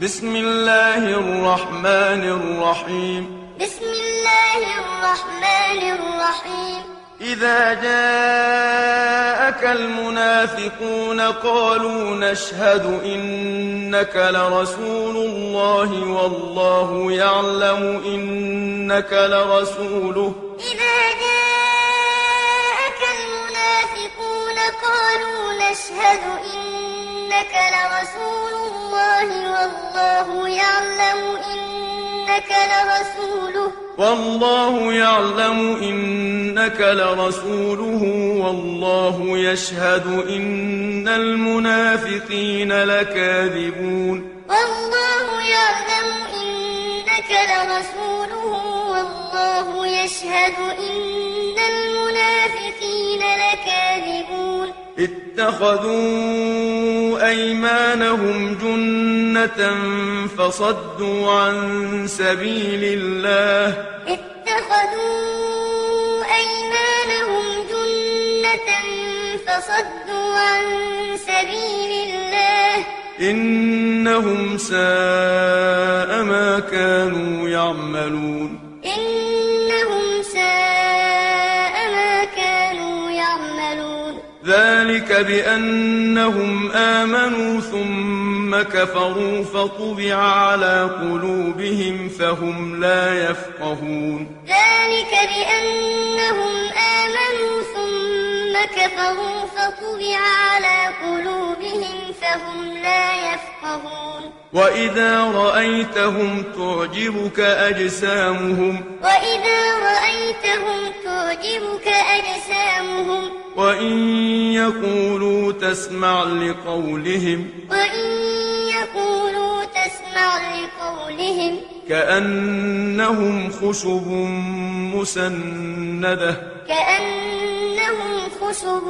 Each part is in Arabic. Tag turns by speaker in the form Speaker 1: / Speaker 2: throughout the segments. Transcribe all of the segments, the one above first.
Speaker 1: بسم الله الرحمن الرحيم
Speaker 2: بسم الله الرحمن الرحيم
Speaker 1: إذا جاءك المنافقون قالوا نشهد إنك لرسول الله والله يعلم إنك لرسوله إذا
Speaker 2: جاءك المنافقون قالوا نشهد إنك إنك لرسول الله والله يعلم إنك لرسوله
Speaker 1: والله يعلم إنك لرسوله والله يشهد إن المنافقين لكاذبون
Speaker 2: والله يعلم إنك لرسوله والله يشهد إن المنافقين لكاذبون
Speaker 1: اتخذوا أيمانهم جنة فصدوا عن سبيل الله
Speaker 2: اتخذوا أيمانهم جنة فصدوا عن سبيل الله
Speaker 1: إنهم ساء ما كانوا يعملون إن ذلك بأنهم آمنوا ثم كفروا فطبع على قلوبهم فهم لا يفقهون
Speaker 2: ذلك بأنهم آمنوا ثم كفروا فطبع على قلوبهم فهم لا يفقهون
Speaker 1: وإذا رأيتهم تعجبك أجسامهم
Speaker 2: وإذا رأيتهم تعجبك أجسامهم
Speaker 1: وإن يقولوا تسمع لقولهم
Speaker 2: وإن يقولوا تسمع لقولهم
Speaker 1: كأنهم خشب مسندة
Speaker 2: كأنهم خشب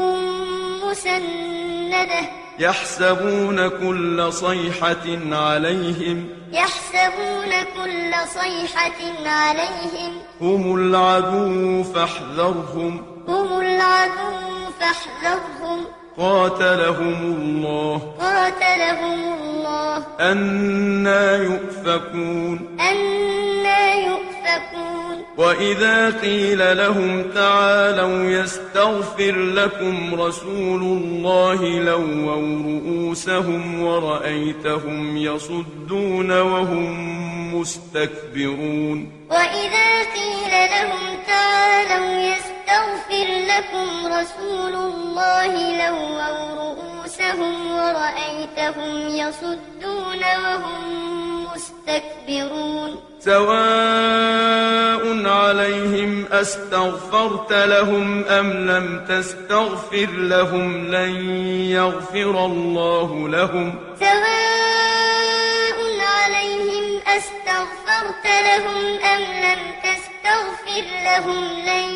Speaker 2: مسندة
Speaker 1: يحسبون كل صيحة عليهم
Speaker 2: يحسبون كل صيحة عليهم
Speaker 1: هم العدو فاحذرهم
Speaker 2: هم العدو فاحذرهم
Speaker 1: قاتلهم الله
Speaker 2: قاتلهم الله
Speaker 1: أنا يؤفكون
Speaker 2: أنا يؤفكون
Speaker 1: وإذا قيل لهم تعالوا يستغفر لكم رسول الله لووا رؤوسهم ورأيتهم يصدون وهم مستكبرون
Speaker 2: وإذا قيل لهم تعالوا يستغفر لكم رسول الله لووا رؤوسهم ورأيتهم يصدون وهم مستكبرون
Speaker 1: سواء عليهم أستغفرت لهم أم لم تستغفر لهم لن يغفر الله لهم
Speaker 2: سواء عليهم أستغفرت لهم أم لم تستغفر لهم لن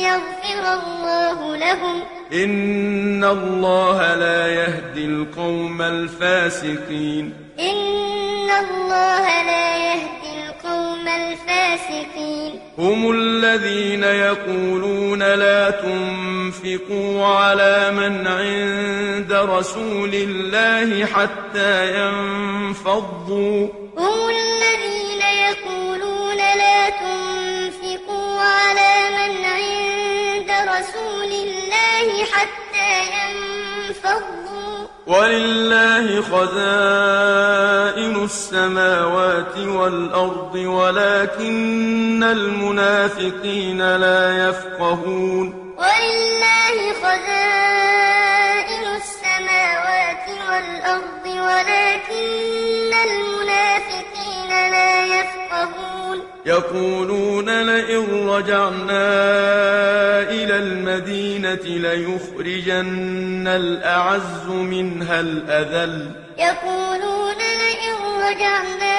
Speaker 2: يغفر الله لهم
Speaker 1: إن الله لا يهدي القوم الفاسقين
Speaker 2: إن الله لا يهدي هم الفاسقين
Speaker 1: هم الذين يقولون لا تنفقوا على من عند رسول الله حتى ينفضوا
Speaker 2: هم الذين يقولون لا تنفقوا على من عند رسول الله حتى ينفضوا
Speaker 1: ولله خزائن السماوات والأرض ولكن المنافقين لا يفقهون
Speaker 2: ولله خزائن السماوات والأرض ولكن المنافقين لا يفقهون
Speaker 1: يقولون لئن رجعنا إلى المدينة ليخرجن الأعز منها الأذل
Speaker 2: يقولون لئن رجعنا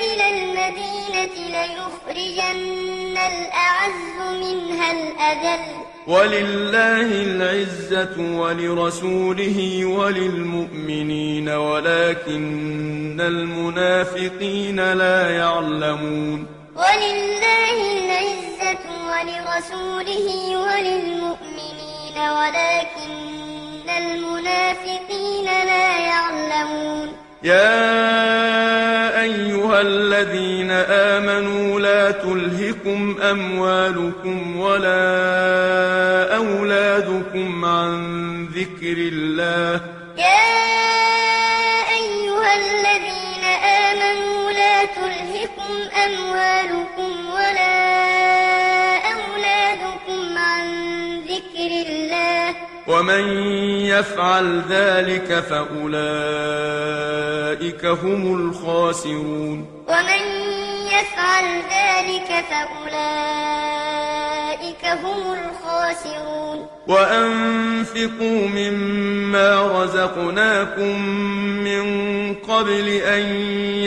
Speaker 2: إلى المدينة ليخرجن الأعز منها الأذل
Speaker 1: ولله العزة ولرسوله وللمؤمنين ولكن المنافقين لا يعلمون
Speaker 2: ولله العزة ولرسوله وللمؤمنين ولكن المنافقين لا يعلمون
Speaker 1: يا أيها الذين آمنوا لا تلهكم أموالكم ولا أولادكم عن ذكر الله
Speaker 2: يا أيها الذين آمنوا لا تلهكم أموالكم ولا ذكر الله
Speaker 1: ومن يفعل ذلك فأولئك هم الخاسرون
Speaker 2: ومن يفعل ذلك فأولئك هم الخاسرون
Speaker 1: وأنفقوا مما رزقناكم من قبل أن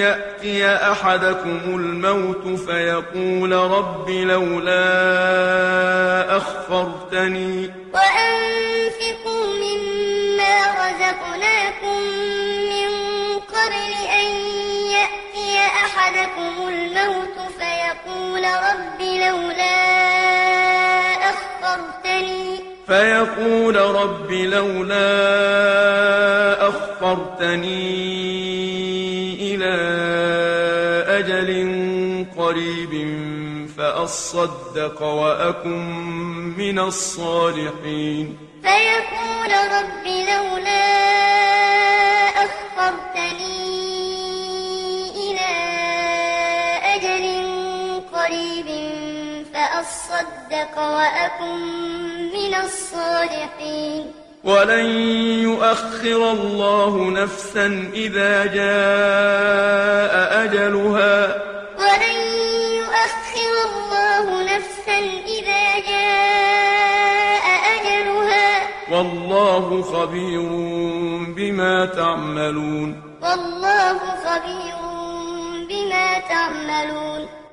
Speaker 1: يأتي يأتي أحدكم الموت فيقول رب لولا أخفرتني وأنفقوا
Speaker 2: مما رزقناكم من قبل أن يأتي أحدكم الموت فيقول رب لولا أخفرتني
Speaker 1: فيقول رب لولا أخفرتني إلى أجل قريب فأصدق وأكن من الصالحين
Speaker 2: فيقول رب لولا أخرتني إلى أجل قريب فأصدق وأكن من الصالحين
Speaker 1: ولن يؤخر الله نفسا إذا جاء أجلها
Speaker 2: ولن يؤخر الله نفسا إذا جاء أجلها
Speaker 1: والله خبير بما تعملون
Speaker 2: والله خبير بما تعملون